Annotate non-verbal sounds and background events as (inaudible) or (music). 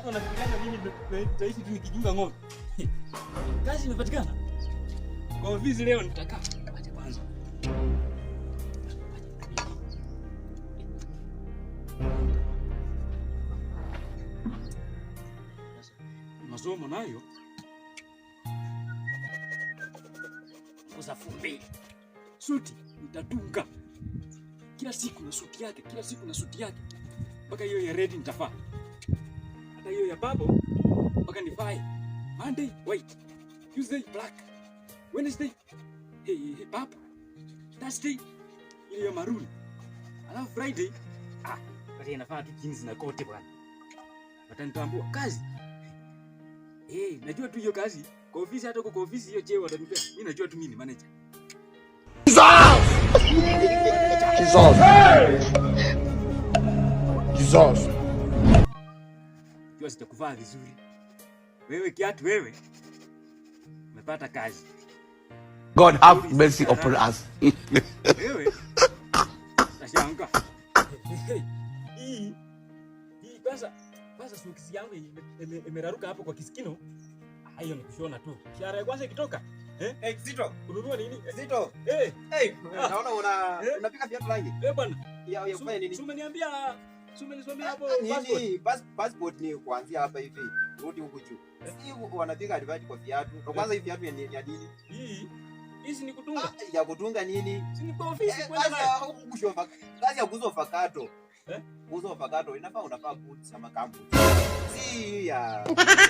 Watu wanafikiriaje mimi nitaishi tu nikijunga ng'ombe? (laughs) Kazi imepatikana. Kwa ofisi leo nitakaa. Acha kwanza. Masomo nayo kuza Suti nitatunga. Kila siku na suti yake, kila siku na suti yake. Mpaka hiyo ya redi nitafaa hata hiyo ya purple wakanifai. Monday white, Tuesday black, Wednesday hey, hey, purple, Thursday ile ya maroon, alafu Friday ah, basi inafaa tu jeans na kote bwana, watanitambua kazi. Hey, najua tu hiyo kazi kwa ofisi, hata kwa ofisi hiyo cheo watanipea mimi, najua tu mimi ni manager. Dissolve. Dissolve. Dissolve wewe sijakuvaa vizuri. Wewe kiatu wewe umepata kazi. God have mercy upon us. Wewe Tashanga. Hii hii kwanza kwanza sokisi yangu imeraruka hapo kwa kisikino. Hayo ni kushona tu. Kiara ya kwanza ikitoka Eh? Hey, Zito. Ununua nini? Zito. Eh. Hey. Naona una eh? unapika viatu rangi. Eh bwana. Ya, ya, nini? Sumeniambia Si ah, ah, passport. ni kuanzia hapa hivi. Rudi huko juu. Si wanapiga divide kwa viatu. Kwa kwanza hivi viatu ni nini? Hii hizi ni kutunga. Ah, ya kutunga nini? Si ni kwa ofisi kwenda na kushofa. Kazi ya kuuza fakato. Eh? Kuuza fakato inafaa unafaa kuuza kama Si ya